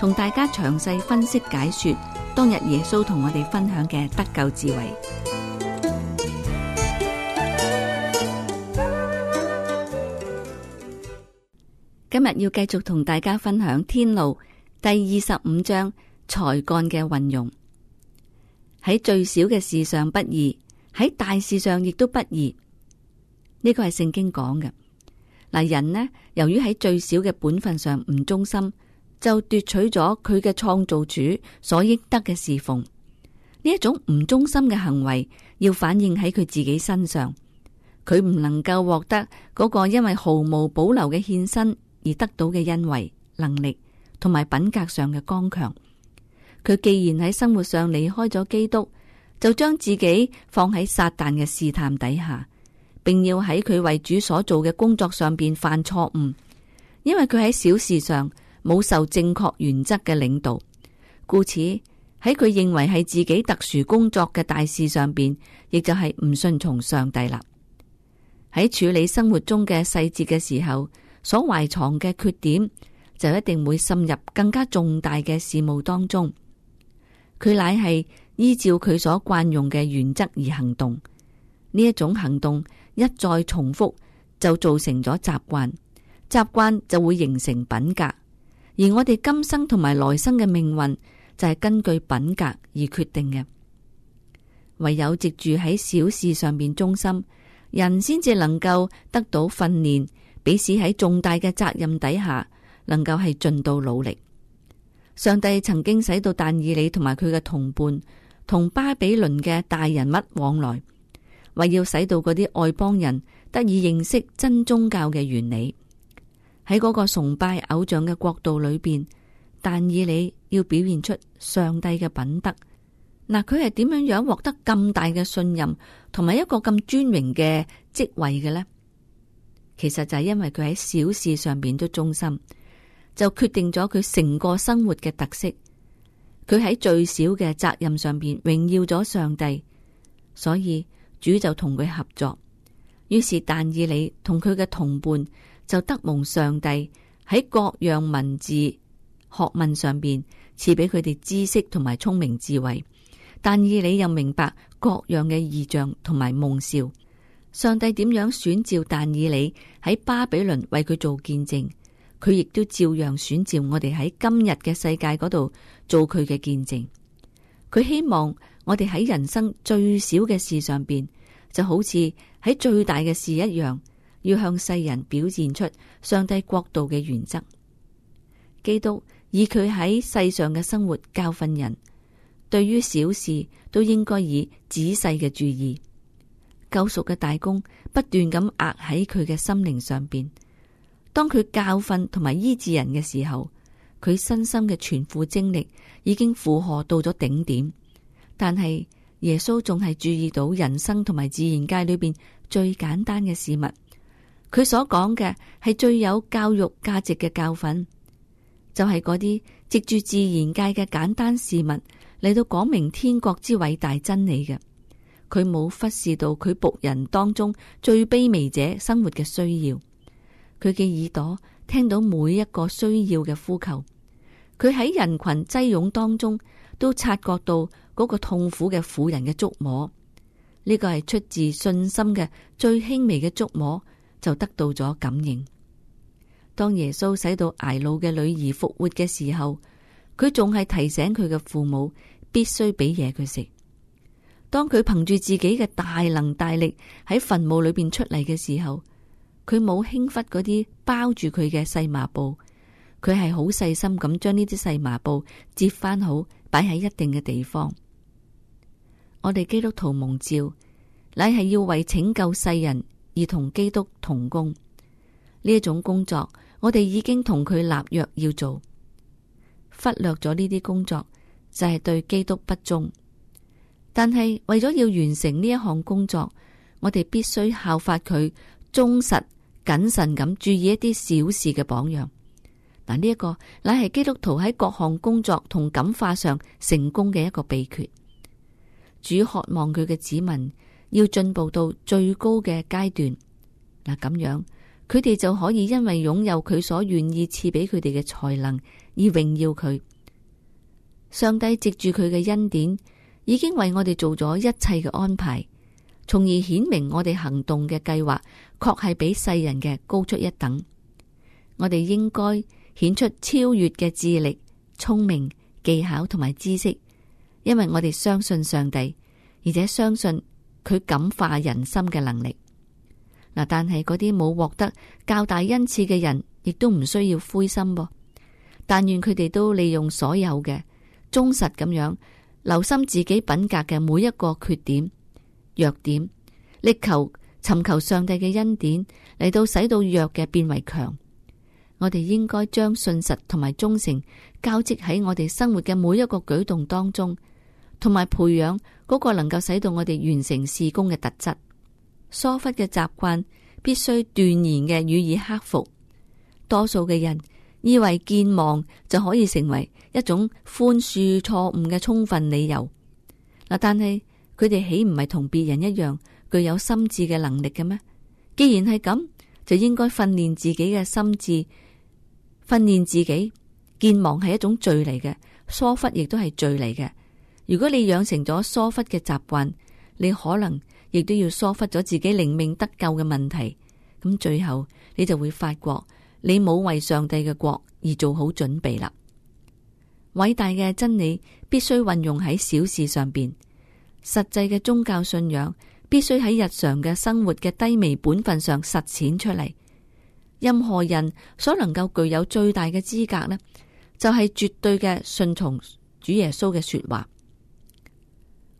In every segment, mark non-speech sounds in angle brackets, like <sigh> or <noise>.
同大家詳細分析解說當日耶穌同我哋分享嘅得救智慧。今日要繼續同大家分享《天路》第二十五章才幹嘅運用，喺最小嘅事上不義，喺大事上亦都不義。呢個係聖經講嘅。嗱，人呢由於喺最小嘅本分上唔忠心，就奪取咗佢嘅創造主所應得嘅侍奉，呢一種唔忠心嘅行為，要反映喺佢自己身上。佢唔能夠獲得嗰個因為毫無保留嘅獻身而得到嘅恩惠、能力，同埋品格上嘅剛強。佢既然喺生活上離開咗基督，就將自己放喺撒旦嘅試探底下，並要喺佢為主所做嘅工作上邊犯錯誤，因為佢喺小事上，冇受正確原則嘅領導，故此喺佢認為係自己特殊工作嘅大事上邊，亦就係唔順從上帝啦。喺處理生活中嘅細節嘅時候，所懷藏嘅缺點就一定會滲入更加重大嘅事務當中。佢乃係依照佢所慣用嘅原則而行動，呢一種行動一再重複就造成咗習慣，習慣就會形成品格。而我哋今生同埋來生嘅命運就係、是、根據品格而決定嘅，唯有藉住喺小事上邊忠心，人先至能夠得到訓練，彼此喺重大嘅責任底下，能夠係盡到努力。上帝曾經使到但以理同埋佢嘅同伴同巴比倫嘅大人物往來，為要使到嗰啲外邦人得以認識真宗教嘅原理。喺嗰個崇拜偶像嘅國度裏邊，但以理要表現出上帝嘅品德。嗱，佢係點樣樣獲得咁大嘅信任同埋一個咁尊榮嘅職位嘅呢？其實就係因為佢喺小事上邊都忠心，就決定咗佢成個生活嘅特色。佢喺最少嘅責任上邊榮耀咗上帝，所以主就同佢合作。於是但以理同佢嘅同伴。就得蒙上帝喺各樣文字學問上邊賜俾佢哋知識同埋聰明智慧，但以理又明白各樣嘅異象同埋夢兆。上帝點樣選召但以理喺巴比倫為佢做見證，佢亦都照樣選召我哋喺今日嘅世界嗰度做佢嘅見證。佢希望我哋喺人生最小嘅事上邊，就好似喺最大嘅事一樣。要向世人表現出上帝國度嘅原則。基督以佢喺世上嘅生活教訓人，對於小事都應該以仔細嘅注意。救贖嘅大功不斷咁壓喺佢嘅心靈上邊。當佢教訓同埋醫治人嘅時候，佢身心嘅全副精力已經負荷到咗頂點。但係耶穌仲係注意到人生同埋自然界裏邊最簡單嘅事物。佢所講嘅係最有教育價值嘅教訓，就係嗰啲藉住自然界嘅簡單事物嚟到講明天國之偉大真理嘅。佢冇忽視到佢僕人當中最卑微者生活嘅需要。佢嘅耳朵聽到每一個需要嘅呼求，佢喺人群擠擁當中都察覺到嗰個痛苦嘅婦人嘅觸摸。呢、這個係出自信心嘅最輕微嘅觸摸，就得到咗感應。當耶穌使到挨老嘅女兒復活嘅時候，佢仲係提醒佢嘅父母必須俾嘢佢食。當佢憑住自己嘅大能大力喺墳墓裏邊出嚟嘅時候，佢冇輕忽嗰啲包住佢嘅細麻布，佢係好細心咁將呢啲細麻布摺翻好，擺喺一定嘅地方。我哋基督徒蒙召，乃係要為拯救世人。而同基督同工呢一種工作，我哋已經同佢立約要做，忽略咗呢啲工作就係對基督不忠。但係為咗要完成呢一項工作，我哋必須效法佢忠實、謹慎咁注意一啲小事嘅榜樣。嗱，呢一個乃係基督徒喺各項工作同感化上成功嘅一個秘訣。主渴望佢嘅子民。要進步到最高嘅階段，嗱，咁樣佢哋就可以因為擁有佢所願意賜俾佢哋嘅才能而榮耀佢。上帝藉住佢嘅恩典，已經為我哋做咗一切嘅安排，從而顯明我哋行動嘅計劃確係比世人嘅高出一等。我哋應該顯出超越嘅智力、聰明、技巧同埋知識，因為我哋相信上帝，而且相信。佢感化人心嘅能力，嗱，但係嗰啲冇獲得較大恩賜嘅人，亦都唔需要灰心噃、哦。但願佢哋都利用所有嘅忠實咁樣，留心自己品格嘅每一個缺點、弱點，力求尋求上帝嘅恩典嚟到使到弱嘅變為強。我哋應該將信實同埋忠誠交織喺我哋生活嘅每一個舉動當中，同埋培養。嗰個能夠使到我哋完成事工嘅特質，疏忽嘅習慣必須斷然嘅予以克服。多數嘅人以為健忘就可以成為一種寬恕錯誤嘅充分理由。嗱，但係佢哋豈唔係同別人一樣具有心智嘅能力嘅咩？既然係咁，就應該訓練自己嘅心智，訓練自己，健忘係一種罪嚟嘅，疏忽亦都係罪嚟嘅。如果你養成咗疏忽嘅習慣，你可能亦都要疏忽咗自己靈命得救嘅問題。咁最後你就會發覺你冇為上帝嘅國而做好準備啦。偉大嘅真理必須運用喺小事上邊，實際嘅宗教信仰必須喺日常嘅生活嘅低微本分上實踐出嚟。任何人所能夠具有最大嘅資格呢，就係絕對嘅順從主耶穌嘅說話。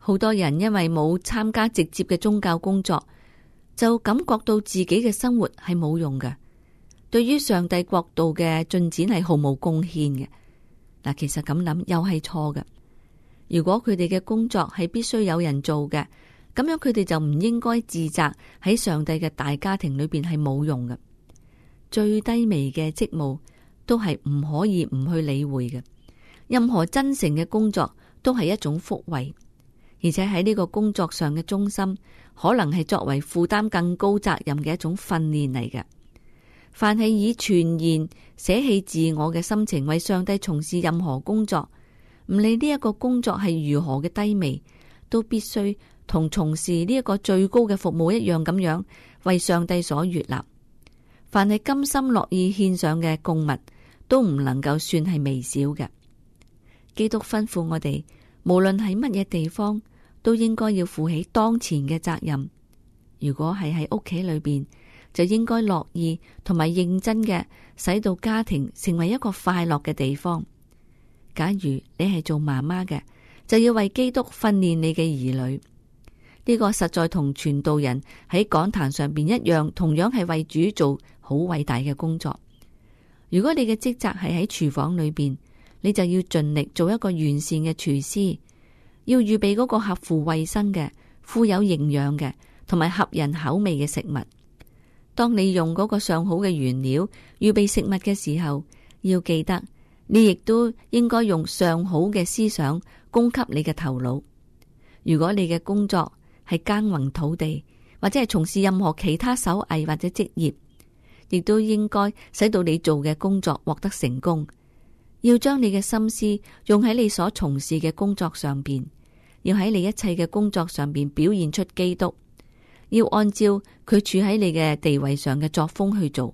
好多人因為冇參加直接嘅宗教工作，就感覺到自己嘅生活係冇用嘅。對於上帝國度嘅進展係毫無貢獻嘅。嗱，其實咁諗又係錯嘅。如果佢哋嘅工作係必須有人做嘅，咁樣佢哋就唔應該自責喺上帝嘅大家庭裏邊係冇用嘅。最低微嘅職務都係唔可以唔去理會嘅。任何真誠嘅工作都係一種福惠。而且喺呢個工作上嘅忠心，可能係作為負擔更高責任嘅一種訓練嚟嘅。凡係以全然捨棄自我嘅心情為上帝從事任何工作，唔理呢一個工作係如何嘅低微，都必須同從事呢一個最高嘅服務一樣咁樣為上帝所悦納。凡係甘心樂意獻上嘅貢物，都唔能夠算係微小嘅。基督吩咐我哋，無論喺乜嘢地方。都應該要負起當前嘅責任。如果係喺屋企裏邊，就應該樂意同埋認真嘅，使到家庭成為一個快樂嘅地方。假如你係做媽媽嘅，就要為基督訓練你嘅兒女。呢個實在同傳道人喺講壇上邊一樣，同樣係為主做好偉大嘅工作。如果你嘅職責係喺廚房裏邊，你就要盡力做一個完善嘅廚師。要預備嗰個合乎衛生嘅，富有營養嘅同埋合人口味嘅食物。當你用嗰個上好嘅原料預備食物嘅時候，要記得，你亦都應該用上好嘅思想供給你嘅頭腦。如果你嘅工作係耕耘土地，或者係從事任何其他手藝或者職業，亦都應該使到你做嘅工作獲得成功。要將你嘅心思用喺你所從事嘅工作上邊，要喺你一切嘅工作上邊表現出基督。要按照佢處喺你嘅地位上嘅作風去做，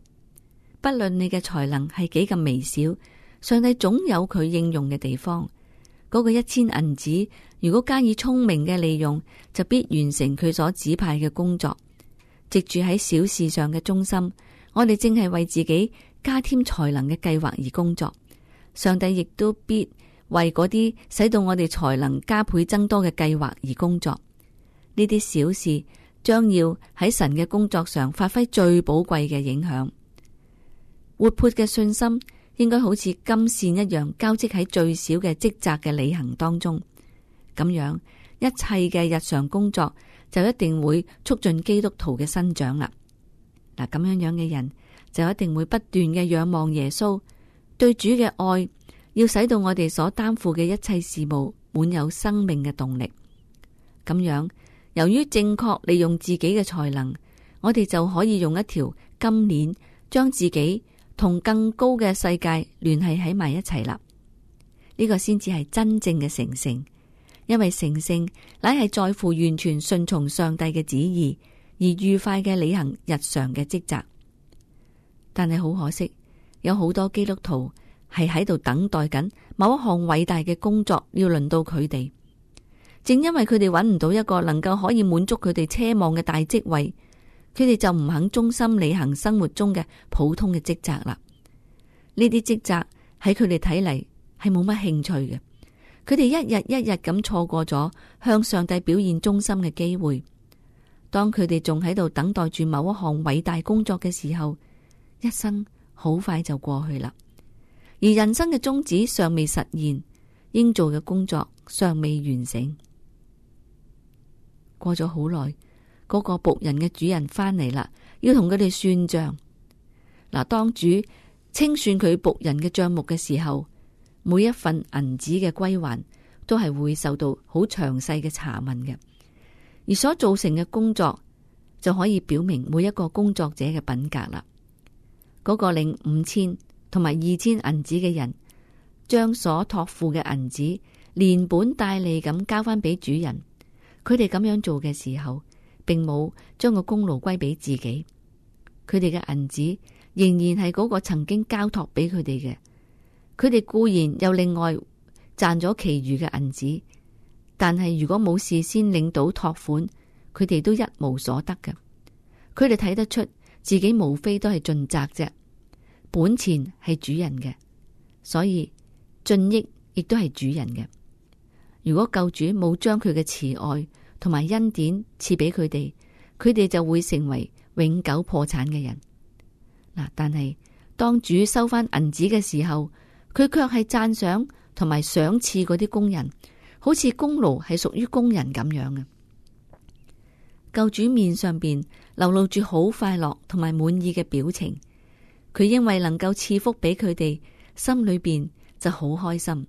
不論你嘅才能係幾咁微小，上帝總有佢應用嘅地方。嗰、那個一千銀子，如果加以聰明嘅利用，就必完成佢所指派嘅工作。藉住喺小事上嘅忠心，我哋正係為自己加添才能嘅計劃而工作。上帝亦都必為嗰啲使到我哋才能加倍增多嘅計劃而工作。呢啲小事將要喺神嘅工作上發揮最寶貴嘅影響。活潑嘅信心應該好似金線一樣交織喺最小嘅職責嘅履行當中。咁樣，一切嘅日常工作就一定會促進基督徒嘅生長啦。嗱，咁樣樣嘅人就一定會不斷嘅仰望耶穌。對主嘅愛，要使到我哋所擔負嘅一切事物滿有生命嘅動力。咁樣，由於正確利用自己嘅才能，我哋就可以用一條金鏈，將自己同更高嘅世界聯繫喺埋一齊啦。呢、這個先至係真正嘅成聖，因為成聖乃係在乎完全順從上帝嘅旨意，而愉快嘅履行日常嘅職責。但係好可惜。有好多基督徒係喺度等待緊某一項偉大嘅工作要輪到佢哋，正因為佢哋揾唔到一個能夠可以滿足佢哋奢望嘅大職位，佢哋就唔肯忠心履行生活中嘅普通嘅職責啦。呢啲職責喺佢哋睇嚟係冇乜興趣嘅，佢哋一日一日咁錯過咗向上帝表現忠心嘅機會。當佢哋仲喺度等待住某一項偉大工作嘅時候，一生。好快就過去啦，而人生嘅宗旨尚未實現，應做嘅工作尚未完成。過咗好耐，嗰個僕人嘅主人翻嚟啦，要同佢哋算賬。嗱，當主清算佢僕人嘅賬目嘅時候，每一份銀子嘅歸還都係會受到好詳細嘅查問嘅，而所造成嘅工作就可以表明每一個工作者嘅品格啦。嗰個領五千同埋二千銀子嘅人，將所託付嘅銀子連本帶利咁交翻俾主人。佢哋咁樣做嘅時候，並冇將個功勞歸俾自己。佢哋嘅銀子仍然係嗰個曾經交託俾佢哋嘅。佢哋固然又另外賺咗其餘嘅銀子，但係如果冇事先領到託款，佢哋都一無所得嘅。佢哋睇得出。自己無非都係盡責啫，本錢係主人嘅，所以盡益亦都係主人嘅。如果舊主冇將佢嘅慈愛同埋恩典賜俾佢哋，佢哋就會成為永久破產嘅人。嗱，但係當主收翻銀子嘅時候，佢卻係讚賞同埋賞賜嗰啲工人，好似功勞係屬於工人咁樣嘅。舊主面上邊流露住好快樂同埋滿意嘅表情，佢因為能夠賜福俾佢哋，心裏邊就好開心。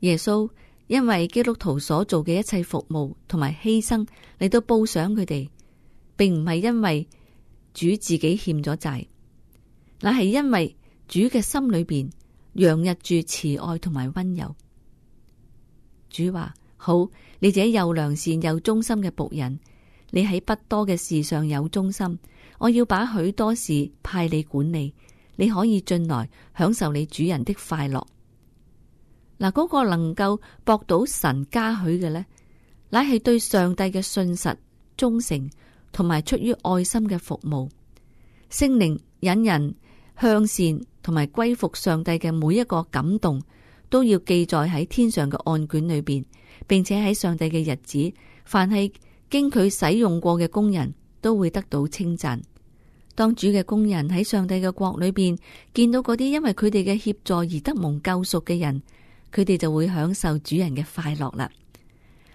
耶穌因為基督徒所做嘅一切服務同埋犧牲，嚟到報賞佢哋，並唔係因為主自己欠咗債，乃係因為主嘅心裏邊洋溢住慈愛同埋溫柔。主話：好，你這又良善又忠心嘅僕人。你喺不多嘅事上有忠心，我要把許多事派你管理，你可以進來享受你主人的快樂。嗱，嗰個能夠博到神嘉許嘅咧，乃係對上帝嘅信實、忠誠同埋出於愛心嘅服務。聖靈引人向善，同埋歸服上帝嘅每一個感動，都要記載喺天上嘅案卷裏邊，並且喺上帝嘅日子，凡係。經佢使用過嘅工人都會得到稱讚。當主嘅工人喺上帝嘅國裏邊見到嗰啲因為佢哋嘅協助而得蒙救贖嘅人，佢哋就會享受主人嘅快樂啦。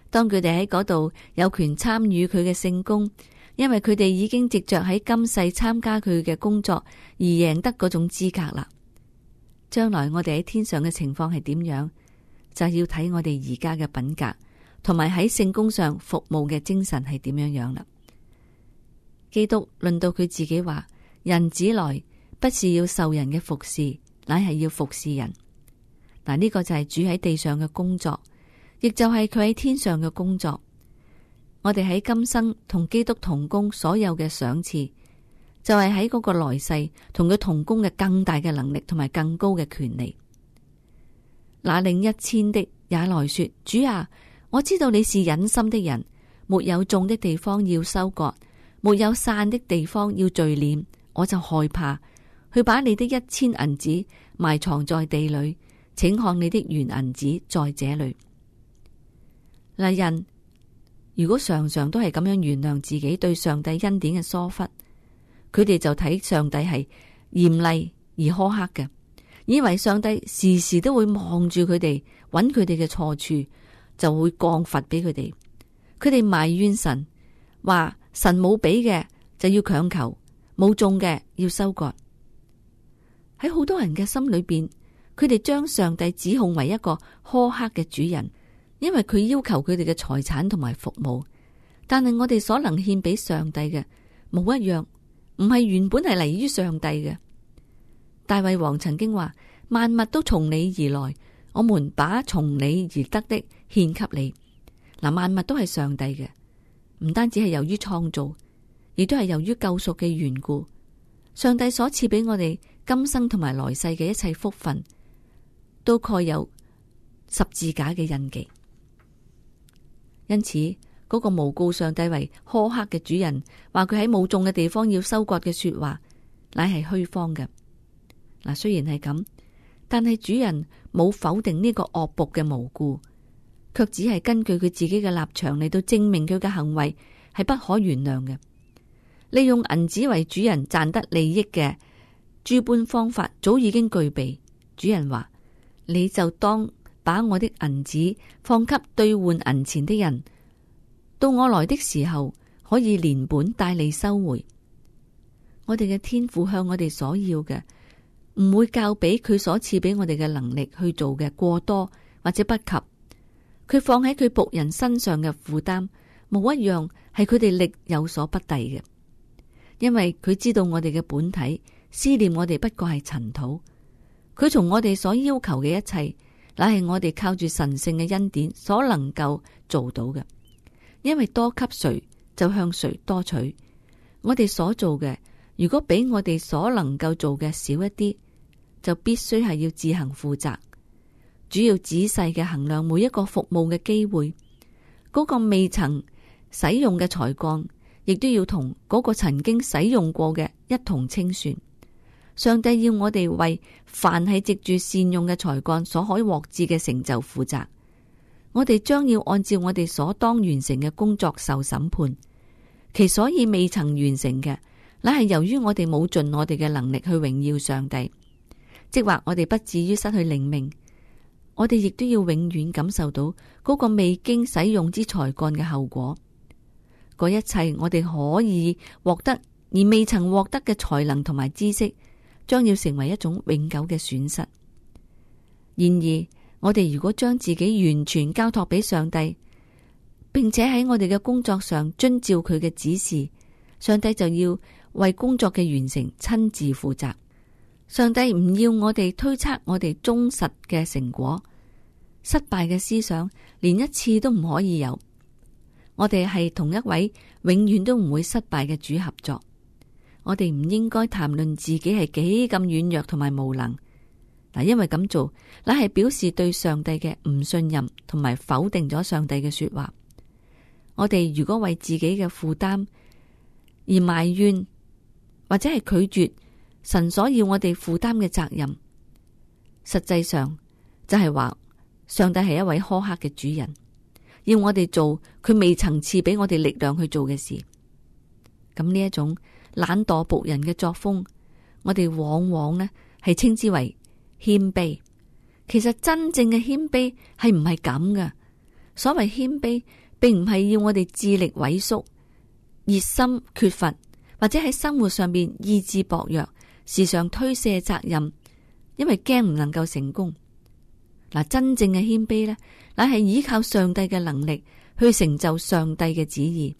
當佢哋喺嗰度有權參與佢嘅聖工，因為佢哋已經藉着喺今世參加佢嘅工作而贏得嗰種資格啦。將來我哋喺天上嘅情況係點樣，就要睇我哋而家嘅品格。同埋喺聖工上服務嘅精神係點樣樣啦？基督論到佢自己話：人子來不是要受人嘅服侍，乃係要服侍人。嗱，呢個就係主喺地上嘅工作，亦就係佢喺天上嘅工作。我哋喺今生同基督同工，所有嘅賞賜就係喺嗰個來世同佢同工嘅更大嘅能力，同埋更高嘅權利。那領一千的也來說：主啊！我知道你是忍心的人，沒有種的地方要收割，沒有散的地方要聚斂，我就害怕去把你的一千銀子埋藏在地裏，請看你的原銀子在這裏。麗人，如果常常都係咁樣原諒自己對上帝恩典嘅疏忽，佢哋就睇上帝係嚴厲而苛刻嘅，以為上帝時時都會望住佢哋，揾佢哋嘅錯處。就會降罰俾佢哋，佢哋埋怨神，話神冇俾嘅就要強求，冇種嘅要收割。喺好多人嘅心裏邊，佢哋將上帝指控為一個苛刻嘅主人，因為佢要求佢哋嘅財產同埋服務，但係我哋所能獻俾上帝嘅，冇一樣，唔係原本係嚟於上帝嘅。大衛王曾經話：萬物都從你而來。我們把從你而得的獻給你嗱，萬物都係上帝嘅，唔單止係由於創造，亦都係由於救贖嘅緣故。上帝所賜俾我哋今生同埋來世嘅一切福分，都蓋有十字架嘅印記。因此，嗰個誣告上帝為苛刻嘅主人，話佢喺冇種嘅地方要收割嘅說話，乃係虛謊嘅嗱。雖然係咁，但係主人冇否定呢個惡僕嘅無辜，卻只係根據佢自己嘅立場嚟到證明佢嘅行為係不可原諒嘅。利用銀子為主人賺得利益嘅諸般方法，早已經具備。主人話：你就當把我的銀子放給兌換銀錢的人，到我來的時候，可以連本帶利收回。我哋嘅天父向我哋所要嘅。唔會教俾佢所賜俾我哋嘅能力去做嘅過多或者不及，佢放喺佢僕人身上嘅負擔，無一樣係佢哋力有所不逮嘅。因為佢知道我哋嘅本體思念我哋不過係塵土，佢從我哋所要求嘅一切，乃係我哋靠住神聖嘅恩典所能夠做到嘅。因為多給誰就向誰多取，我哋所做嘅。如果俾我哋所能夠做嘅少一啲，就必須係要自行負責。主要仔細嘅衡量每一個服務嘅機會，嗰個未曾使用嘅才幹，亦都要同嗰個曾經使用過嘅一同清算。上帝要我哋為凡係藉住善用嘅才幹所可以獲致嘅成就負責。我哋將要按照我哋所當完成嘅工作受審判，其所以未曾完成嘅，乃係由於我哋冇盡我哋嘅能力去榮耀上帝，即或我哋不至於失去靈命，我哋亦都要永遠感受到嗰個未經使用之才幹嘅後果。嗰一切我哋可以獲得而未曾獲得嘅才能同埋知識，將要成為一種永久嘅損失。然而，我哋如果將自己完全交託俾上帝，並且喺我哋嘅工作上遵照佢嘅指示，上帝就要為工作嘅完成親自負責。上帝唔要我哋推測我哋忠實嘅成果，失敗嘅思想連一次都唔可以有。我哋係同一位永遠都唔會失敗嘅主合作。我哋唔應該談論自己係幾咁軟弱同埋無能嗱，因為咁做，乃係表示對上帝嘅唔信任，同埋否定咗上帝嘅說話。我哋如果為自己嘅負擔而埋怨，或者係拒絕神所要我哋負擔嘅責任，實際上就係話上帝係一位苛刻嘅主人，要我哋做佢未曾賜俾我哋力量去做嘅事。咁呢一種懶惰僕人嘅作風，我哋往往呢係稱之為謙卑。其實真正嘅謙卑係唔係咁嘅。所謂謙卑，並唔係要我哋智力萎縮、熱心缺乏。或者喺生活上面意志薄弱，時常推卸責任，因為驚唔能夠成功。嗱，真正嘅謙卑呢，乃係依靠上帝嘅能力去成就上帝嘅旨意。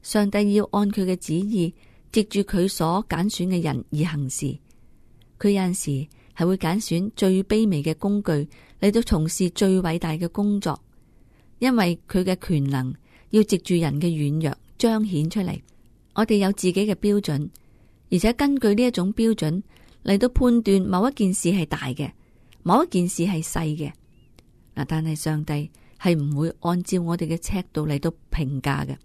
上帝要按佢嘅旨意，藉住佢所揀選嘅人而行事。佢有陣時係會揀選最卑微嘅工具嚟到從事最偉大嘅工作，因為佢嘅權能要藉住人嘅軟弱彰顯出嚟。我哋有自己嘅標準，而且根據呢一種標準嚟到判斷某一件事係大嘅，某一件事係細嘅。嗱，但係上帝係唔會按照我哋嘅尺度嚟到評價嘅。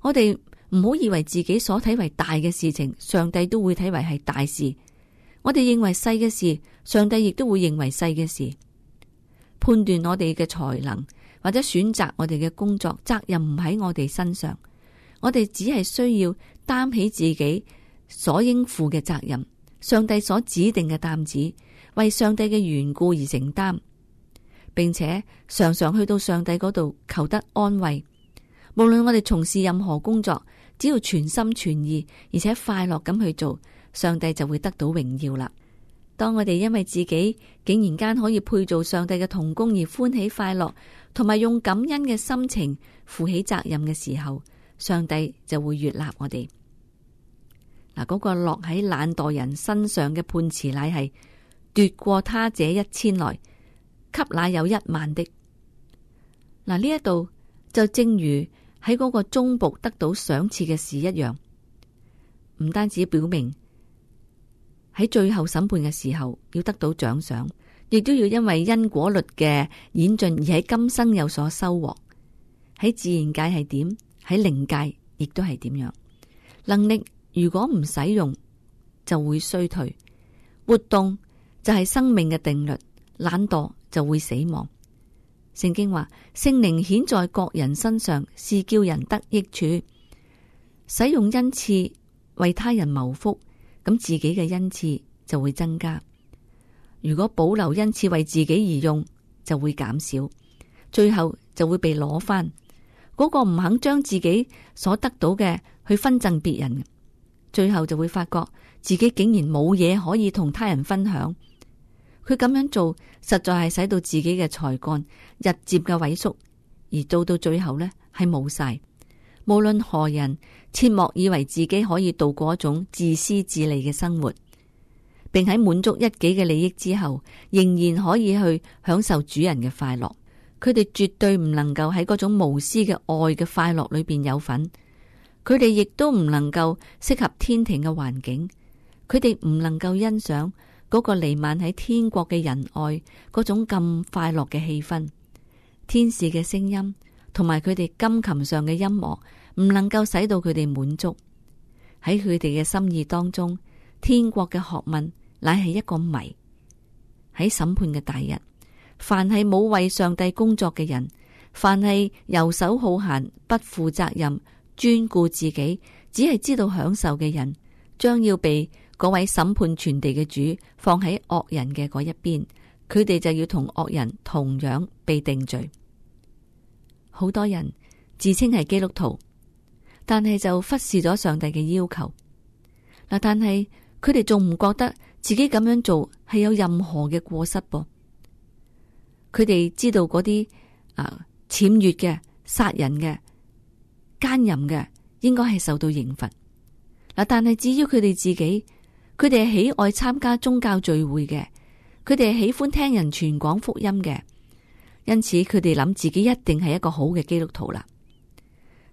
我哋唔好以為自己所睇為大嘅事情，上帝都會睇為係大事；我哋認為細嘅事，上帝亦都會認為細嘅事。判斷我哋嘅才能，或者選擇我哋嘅工作，責任唔喺我哋身上。我哋只係需要擔起自己所應負嘅責任，上帝所指定嘅擔子，為上帝嘅緣故而承擔，並且常常去到上帝嗰度求得安慰。無論我哋從事任何工作，只要全心全意而且快樂咁去做，上帝就會得到榮耀啦。當我哋因為自己竟然間可以配做上帝嘅同工而歡喜快樂，同埋用感恩嘅心情負起責任嘅時候，上帝就會悅納我哋嗱，嗰、啊，那個落喺懶惰人身上嘅判詞，乃係奪過他這一千來，給那有一萬的嗱。呢一度就正如喺嗰個忠僕得到賞賜嘅事一樣，唔單止表明喺最後審判嘅時候要得到獎賞，亦都要因為因果律嘅演進而喺今生有所收穫。喺自然界係點？喺靈界亦都係點樣？能力如果唔使用，用，就會衰退。活動就係、是、生命嘅定律，懶惰就會死亡。聖經話：聖靈顯在各人身上，是叫人得益處。使用恩賜為他人謀福，咁自己嘅恩賜就會增加。如果保留恩賜為自己而用，就會減少，最後就會被攞返。嗰個唔肯將自己所得到嘅，去分贈別人，最後就會發覺自己竟然冇嘢可以同他人分享。佢咁樣做，實在係使到自己嘅才幹日漸嘅萎縮，而做到最後呢，係冇晒。無論何人，切莫以為自己可以度過一種自私自利嘅生活，並喺滿足一己嘅利益之後，仍然可以去享受主人嘅快樂。佢哋絕對唔能夠喺嗰種無私嘅愛嘅快樂裏邊有份，佢哋亦都唔能夠適合天庭嘅環境，佢哋唔能夠欣賞嗰個彌漫喺天國嘅仁愛嗰種咁快樂嘅氣氛，天使嘅聲音同埋佢哋金琴上嘅音樂唔能夠使到佢哋滿足，喺佢哋嘅心意當中，天國嘅學問乃係一個謎，喺審判嘅大日。凡係冇為上帝工作嘅人，凡係游手好閒、不負責任、專顧自己、只係知道享受嘅人，將要被嗰位審判全地嘅主放喺惡人嘅嗰一邊。佢哋就要同惡人同樣被定罪。好多人自稱係基督徒，但係就忽視咗上帝嘅要求。嗱，但係佢哋仲唔覺得自己咁樣做係有任何嘅過失噃？佢哋知道嗰啲啊，僭越嘅、殺人嘅、姦淫嘅，應該係受到刑罰。嗱、啊，但係至於佢哋自己，佢哋係喜愛參加宗教聚會嘅，佢哋係喜歡聽人傳講福音嘅，因此佢哋諗自己一定係一個好嘅基督徒啦。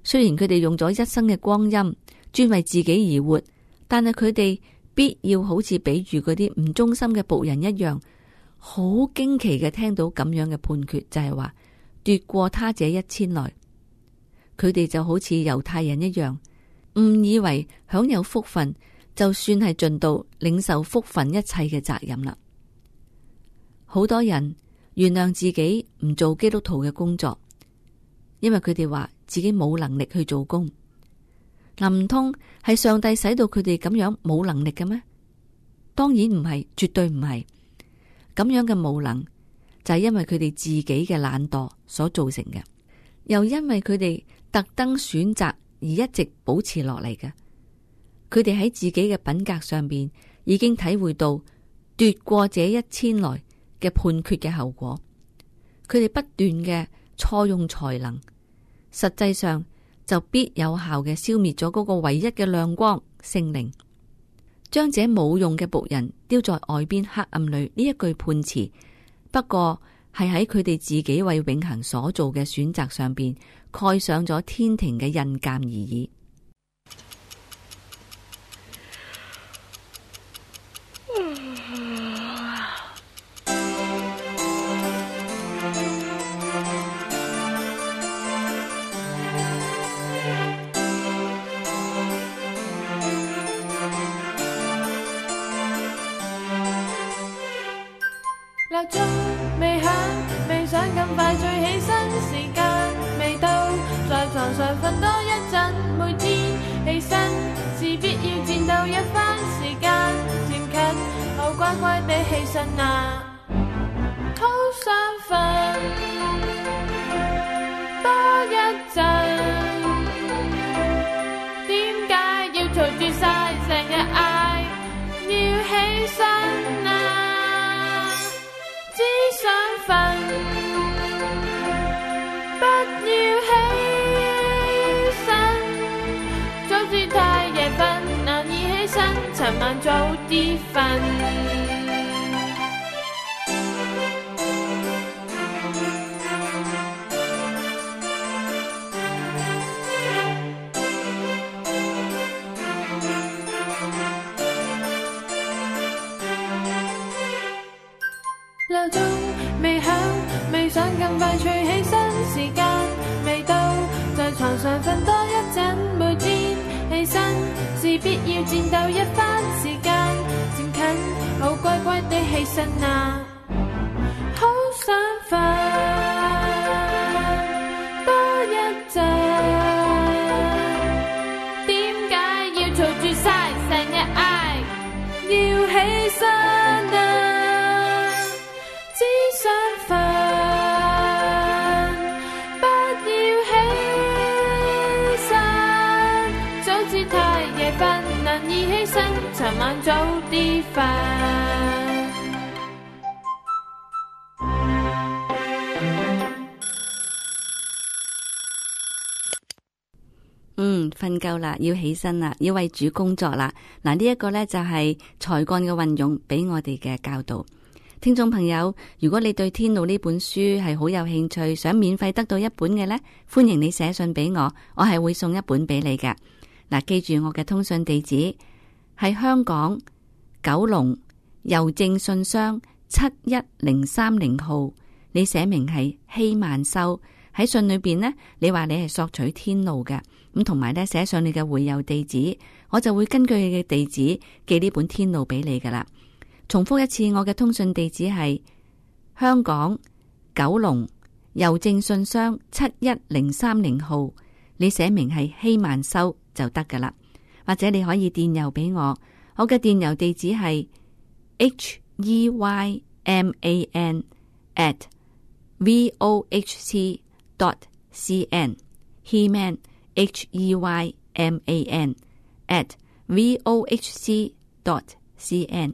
雖然佢哋用咗一生嘅光陰專為自己而活，但係佢哋必要好似比喻嗰啲唔忠心嘅僕人一樣。好驚奇嘅，聽到咁樣嘅判決就，就係話奪過他這一千來，佢哋就好似猶太人一樣，誤以為享有福分就算係盡到領受福分一切嘅責任啦。好多人原諒自己唔做基督徒嘅工作，因為佢哋話自己冇能力去做工。難道係上帝使到佢哋咁樣冇能力嘅咩？當然唔係，絕對唔係。咁樣嘅無能就係因為佢哋自己嘅懶惰所造成嘅，又因為佢哋特登選擇而一直保持落嚟嘅，佢哋喺自己嘅品格上邊已經體會到奪過這一千來嘅判決嘅後果，佢哋不斷嘅錯用才能，實際上就必有效嘅消滅咗嗰個唯一嘅亮光，聖靈。將這冇用嘅僕人丟在外邊黑暗裏，呢一句判詞，不過係喺佢哋自己為永恆所做嘅選擇上邊蓋上咗天庭嘅印鑑而已。未響，未想咁快追起身，時間未到，在床上瞓多一陣。每天起身事必要戰鬥一番，時間漸近，好乖乖地起身啦，啊。慢慢早啲瞓。起身，尋晚早啲瞓。嗯，瞓夠啦，要起身啦，要為主工作啦。嗱，呢一個呢，就係才幹嘅運用，俾我哋嘅教導。聽眾朋友，如果你對《天路》呢本書係好有興趣，想免費得到一本嘅呢，歡迎你寫信俾我，我係會送一本俾你嘅。嗱，記住我嘅通訊地址。係香港九龍郵政信箱七一零三零號，你寫明係希曼修。喺信裏邊呢，你話你係索取天路嘅，咁同埋咧寫上你嘅回郵地址，我就會根據你嘅地址寄呢本天路俾你噶啦。重複一次，我嘅通訊地址係香港九龍郵政信箱七一零三零號，你寫明係希曼修就得噶啦。或者你可以電郵俾我，我嘅電郵地址係 <music> h e y m a n at v o h c dot c n。heyman h e y m a n at v o h c dot c n。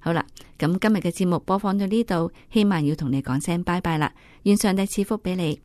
好啦，咁今日嘅節目播放到呢度，希望要同你講聲拜拜啦，願上帝賜福俾你。